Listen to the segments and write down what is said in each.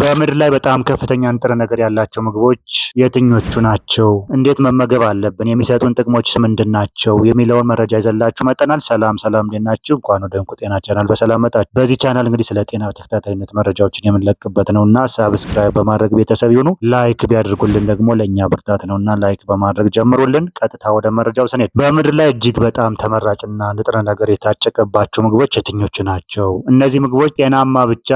በምድር ላይ በጣም ከፍተኛ ንጥረ ነገር ያላቸው ምግቦች የትኞቹ ናቸው? እንዴት መመገብ አለብን? የሚሰጡን ጥቅሞችስ ምንድን ናቸው? የሚለውን መረጃ ይዘላችሁ መጠናል። ሰላም ሰላም፣ እንዴት ናችሁ? እንኳን ወደ እንቁ ጤና ቻናል በሰላም መጣችሁ። በዚህ ቻናል እንግዲህ ስለ ጤና ተከታታይነት መረጃዎችን የምንለቅበት ነው እና ሳብስክራይብ በማድረግ ቤተሰብ ይሁኑ። ላይክ ቢያደርጉልን ደግሞ ለእኛ ብርታት ነው እና ላይክ በማድረግ ጀምሩልን። ቀጥታ ወደ መረጃው ስንሄድ በምድር ላይ እጅግ በጣም ተመራጭና ንጥረ ነገር የታጨቀባቸው ምግቦች የትኞቹ ናቸው? እነዚህ ምግቦች ጤናማ ብቻ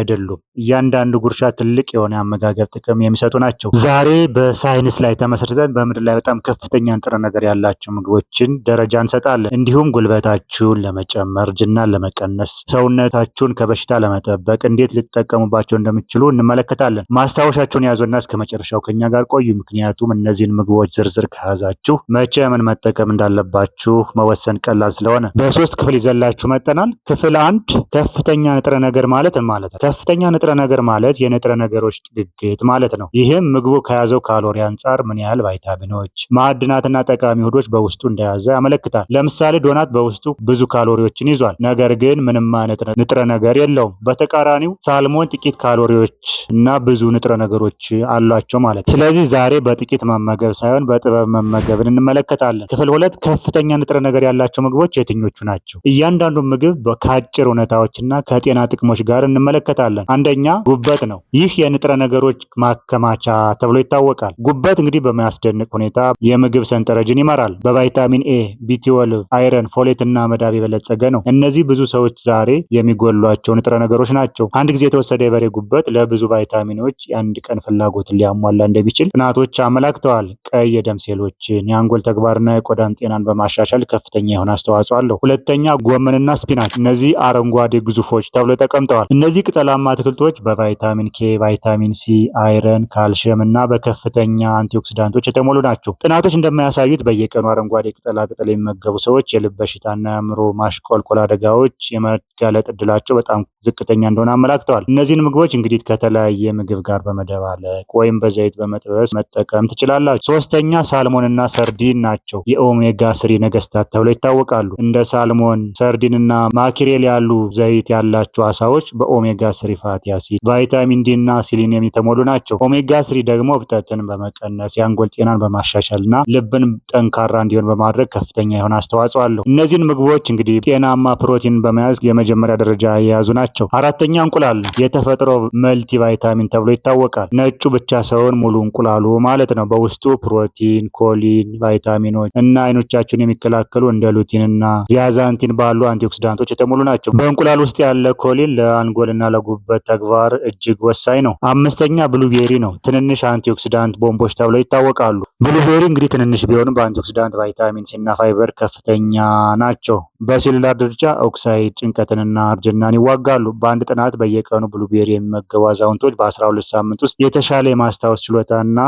አይደሉም፣ እያንዳንዱ ጉርሻ ትልቅ የሆነ አመጋገብ ጥቅም የሚሰጡ ናቸው። ዛሬ በሳይንስ ላይ ተመስርተን በምድር ላይ በጣም ከፍተኛ ንጥረ ነገር ያላቸው ምግቦችን ደረጃ እንሰጣለን። እንዲሁም ጉልበታችሁን ለመጨመር፣ ጅና ለመቀነስ፣ ሰውነታችሁን ከበሽታ ለመጠበቅ እንዴት ልትጠቀሙባቸው እንደምችሉ እንመለከታለን። ማስታወሻችሁን ያዙና እስከ መጨረሻው ከኛ ጋር ቆዩ። ምክንያቱም እነዚህን ምግቦች ዝርዝር ከያዛችሁ መቼ ምን መጠቀም እንዳለባችሁ መወሰን ቀላል ስለሆነ በሶስት ክፍል ይዘላችሁ መጠናል። ክፍል አንድ ከፍተኛ ንጥረ ነገር ማለት ማለት ነው። ከፍተኛ ንጥረ ነገር ማለት ማለት የንጥረ ነገሮች ጥግግት ማለት ነው። ይህም ምግቡ ከያዘው ካሎሪ አንጻር ምን ያህል ቫይታሚኖች፣ ማዕድናትና ጠቃሚ ውህዶች በውስጡ እንደያዘ ያመለክታል። ለምሳሌ ዶናት በውስጡ ብዙ ካሎሪዎችን ይዟል፣ ነገር ግን ምንም አይነት ንጥረ ነገር የለውም። በተቃራኒው ሳልሞን ጥቂት ካሎሪዎች እና ብዙ ንጥረ ነገሮች አሏቸው ማለት ነው። ስለዚህ ዛሬ በጥቂት መመገብ ሳይሆን በጥበብ መመገብን እንመለከታለን። ክፍል ሁለት ከፍተኛ ንጥረ ነገር ያላቸው ምግቦች የትኞቹ ናቸው? እያንዳንዱ ምግብ ከአጭር እውነታዎችና ከጤና ጥቅሞች ጋር እንመለከታለን። አንደኛ ጉበት ጉበት ነው። ይህ የንጥረ ነገሮች ማከማቻ ተብሎ ይታወቃል። ጉበት እንግዲህ በሚያስደንቅ ሁኔታ የምግብ ሰንጠረዥን ይመራል። በቫይታሚን ኤ፣ ቢቲወል፣ አይረን፣ ፎሌት እና መዳብ የበለጸገ ነው። እነዚህ ብዙ ሰዎች ዛሬ የሚጎሏቸው ንጥረ ነገሮች ናቸው። አንድ ጊዜ የተወሰደ የበሬ ጉበት ለብዙ ቫይታሚኖች የአንድ ቀን ፍላጎትን ሊያሟላ እንደሚችል ጥናቶች አመላክተዋል። ቀይ የደም ሴሎችን የአንጎል ተግባርና የቆዳን ጤናን በማሻሻል ከፍተኛ የሆነ አስተዋጽኦ አለው። ሁለተኛ ጎመንና ስፒናች፣ እነዚህ አረንጓዴ ግዙፎች ተብሎ ተቀምጠዋል። እነዚህ ቅጠላማ አትክልቶች በቫይታ ቫይታሚን ኬ፣ ቫይታሚን ሲ፣ አይረን፣ ካልሽየም እና በከፍተኛ አንቲኦክሲዳንቶች የተሞሉ ናቸው። ጥናቶች እንደማያሳዩት በየቀኑ አረንጓዴ ቅጠላ ቅጠል የሚመገቡ ሰዎች የልብ በሽታና የአእምሮ ማሽቆልቆል አደጋዎች የመጋለጥ እድላቸው በጣም ዝቅተኛ እንደሆነ አመላክተዋል። እነዚህን ምግቦች እንግዲህ ከተለያየ ምግብ ጋር በመደባለቅ ወይም በዘይት በመጥበስ መጠቀም ትችላላችሁ። ሶስተኛ ሳልሞንና ሰርዲን ናቸው። የኦሜጋ ስሪ ነገስታት ተብለው ይታወቃሉ። እንደ ሳልሞን፣ እና ማኪሬል ያሉ ዘይት ያላቸው አሳዎች በኦሜጋ ስሪ ፋቲ አሲድ በቫይታሚን ዲ እና ሲሊኒየም የተሞሉ ናቸው። ኦሜጋ ስሪ ደግሞ እብጠትን በመቀነስ የአንጎል ጤናን በማሻሻል እና ልብን ጠንካራ እንዲሆን በማድረግ ከፍተኛ የሆነ አስተዋጽኦ አለው። እነዚህን ምግቦች እንግዲህ ጤናማ ፕሮቲን በመያዝ የመጀመሪያ ደረጃ የያዙ ናቸው። አራተኛ እንቁላል የተፈጥሮ መልቲ ቫይታሚን ተብሎ ይታወቃል። ነጩ ብቻ ሳይሆን ሙሉ እንቁላሉ ማለት ነው። በውስጡ ፕሮቲን፣ ኮሊን፣ ቫይታሚኖች እና አይኖቻችሁን የሚከላከሉ እንደ ሉቲን እና ዚያዛንቲን ባሉ አንቲኦክሲዳንቶች የተሞሉ ናቸው። በእንቁላል ውስጥ ያለ ኮሊን ለአንጎልና ለጉበት ተግባር እጅ እጅግ ወሳኝ ነው። አምስተኛ ብሉቤሪ ነው። ትንንሽ አንቲኦክሲዳንት ቦምቦች ተብለው ይታወቃሉ። ብሉቤሪ እንግዲህ ትንንሽ ቢሆንም በአንቲኦክሲዳንት ቫይታሚን ሲና ፋይበር ከፍተኛ ናቸው። በሴሉላር ደረጃ ኦክሳይድ ጭንቀትንና እርጅናን ይዋጋሉ። በአንድ ጥናት በየቀኑ ብሉቤሪ የሚመገቡ አዛውንቶች በ12 ሳምንት ውስጥ የተሻለ የማስታወስ ችሎታና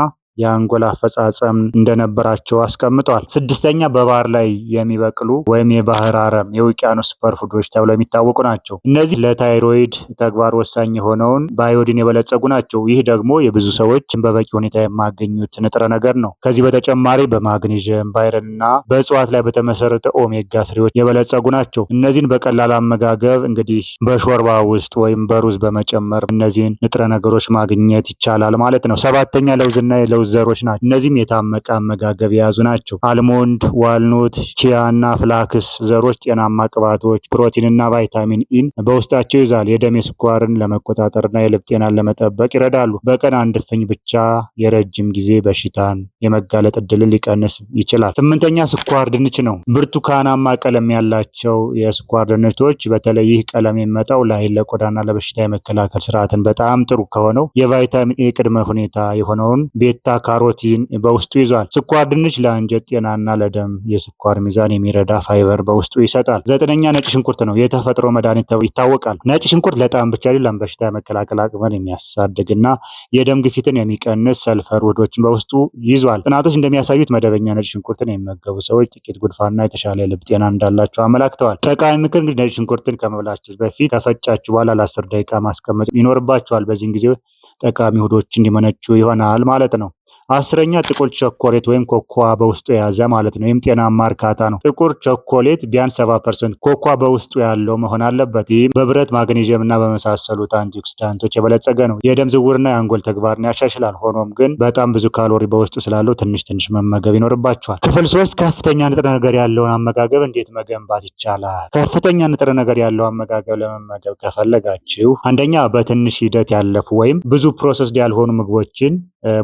የአንጎል አፈጻጸም እንደነበራቸው አስቀምጠዋል። ስድስተኛ በባህር ላይ የሚበቅሉ ወይም የባህር አረም የውቅያኖስ ሱፐርፉዶች ተብለው የሚታወቁ ናቸው። እነዚህ ለታይሮይድ ተግባር ወሳኝ የሆነውን ባዮዲን የበለጸጉ ናቸው። ይህ ደግሞ የብዙ ሰዎች በበቂ ሁኔታ የማገኙት ንጥረ ነገር ነው። ከዚህ በተጨማሪ በማግኒዥም ባይረን በእጽዋት ላይ በተመሰረተ ኦሜጋ ስሪዎች የበለጸጉ ናቸው። እነዚህን በቀላል አመጋገብ እንግዲህ በሾርባ ውስጥ ወይም በሩዝ በመጨመር እነዚህን ንጥረ ነገሮች ማግኘት ይቻላል ማለት ነው። ሰባተኛ ለውዝና የለውዝ ዘሮች ናቸው። እነዚህም የታመቀ አመጋገብ የያዙ ናቸው። አልሞንድ፣ ዋልኖት፣ ቺያ እና ፍላክስ ዘሮች ጤናማ ቅባቶች፣ ፕሮቲንና ቫይታሚን ኢን በውስጣቸው ይዛል። የደም ስኳርን ለመቆጣጠርና የልብ ጤናን ለመጠበቅ ይረዳሉ። በቀን አንድ እፍኝ ብቻ የረጅም ጊዜ በሽታን የመጋለጥ እድልን ሊቀንስ ይችላል። ስምንተኛ ስኳር ድንች ነው። ብርቱካናማ ቀለም ያላቸው የስኳር ድንቾች በተለይ ይህ ቀለም የሚመጣው ለአይን ለቆዳና ለበሽታ የመከላከል ስርዓትን በጣም ጥሩ ከሆነው የቫይታሚን ኤ ቅድመ ሁኔታ የሆነውን ቤታ ካሮቲን በውስጡ ይዟል። ስኳር ድንች ለአንጀት ጤናና ለደም የስኳር ሚዛን የሚረዳ ፋይበር በውስጡ ይሰጣል። ዘጠነኛ ነጭ ሽንኩርት ነው። የተፈጥሮ መድኃኒት ተብሎ ይታወቃል። ነጭ ሽንኩርት ለጣም ብቻ አይደለም በሽታ የመከላከል አቅመን የሚያሳድግና የደም ግፊትን የሚቀንስ ሰልፈር ውህዶችን በውስጡ ይዟል። ጥናቶች እንደሚያሳዩት መደበኛ ነጭ ሽንኩርትን የሚመገቡ ሰዎች ጥቂት ጉድፋና የተሻለ ልብ ጤና እንዳላቸው አመላክተዋል። ጠቃሚ ምክር እንግዲህ ነጭ ሽንኩርትን ከመብላችሁ በፊት ተፈጫችሁ በኋላ ለአስር ደቂቃ ማስቀመጥ ይኖርባቸዋል። በዚህን ጊዜ ጠቃሚ ውህዶች እንዲመነጩ ይሆናል ማለት ነው። አስረኛ ጥቁር ቸኮሌት ወይም ኮኮዋ በውስጡ የያዘ ማለት ነው። ይህም ጤናማ እርካታ ነው። ጥቁር ቸኮሌት ቢያንስ 7 ፐርሰንት ኮኮዋ በውስጡ ያለው መሆን አለበት። ይህም በብረት ማግኔዥየም እና በመሳሰሉት አንቲኦክሲዳንቶች የበለጸገ ነው። የደም ዝውውርና የአንጎል ተግባርን ያሻሽላል። ሆኖም ግን በጣም ብዙ ካሎሪ በውስጡ ስላለው ትንሽ ትንሽ መመገብ ይኖርባቸዋል። ክፍል ሶስት ከፍተኛ ንጥረ ነገር ያለውን አመጋገብ እንዴት መገንባት ይቻላል? ከፍተኛ ንጥረ ነገር ያለው አመጋገብ ለመመገብ ከፈለጋችሁ አንደኛ በትንሽ ሂደት ያለፉ ወይም ብዙ ፕሮሰስድ ያልሆኑ ምግቦችን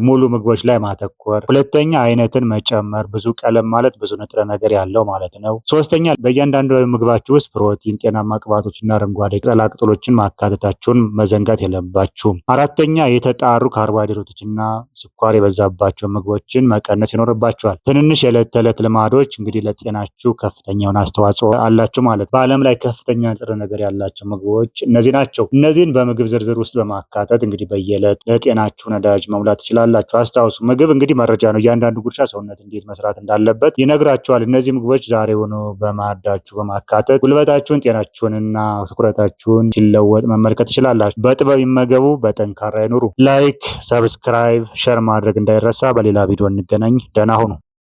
ሙሉ ምግቦች ላይ ላይ ማተኮር። ሁለተኛ አይነትን መጨመር፣ ብዙ ቀለም ማለት ብዙ ንጥረ ነገር ያለው ማለት ነው። ሶስተኛ በእያንዳንዱ ምግባችሁ ውስጥ ፕሮቲን፣ ጤናማ ቅባቶችና አረንጓዴ ቅጠላቅጠሎችን ማካተታችሁን መዘንጋት የለባችሁም። አራተኛ የተጣሩ ካርቦሃይድሬቶችና ስኳር የበዛባቸው ምግቦችን መቀነስ ይኖርባቸዋል። ትንንሽ የዕለት ተዕለት ልማዶች እንግዲህ ለጤናችሁ ከፍተኛውን አስተዋጽኦ አላቸው ማለት በዓለም ላይ ከፍተኛ ንጥረ ነገር ያላቸው ምግቦች እነዚህ ናቸው። እነዚህን በምግብ ዝርዝር ውስጥ በማካተት እንግዲህ በየዕለት ለጤናችሁ ነዳጅ መሙላት ትችላላችሁ። አስታውሱ ምግብ እንግዲህ መረጃ ነው። እያንዳንዱ ጉርሻ ሰውነት እንዴት መስራት እንዳለበት ይነግራቸዋል። እነዚህ ምግቦች ዛሬውኑ በማዕዳችሁ በማካተት ጉልበታችሁን፣ ጤናችሁንና ትኩረታችሁን ሲለወጥ መመልከት ትችላላችሁ። በጥበብ ይመገቡ፣ በጠንካራ ይኑሩ። ላይክ፣ ሰብስክራይብ፣ ሸር ማድረግ እንዳይረሳ። በሌላ ቪዲዮ እንገናኝ። ደህና ሁኑ።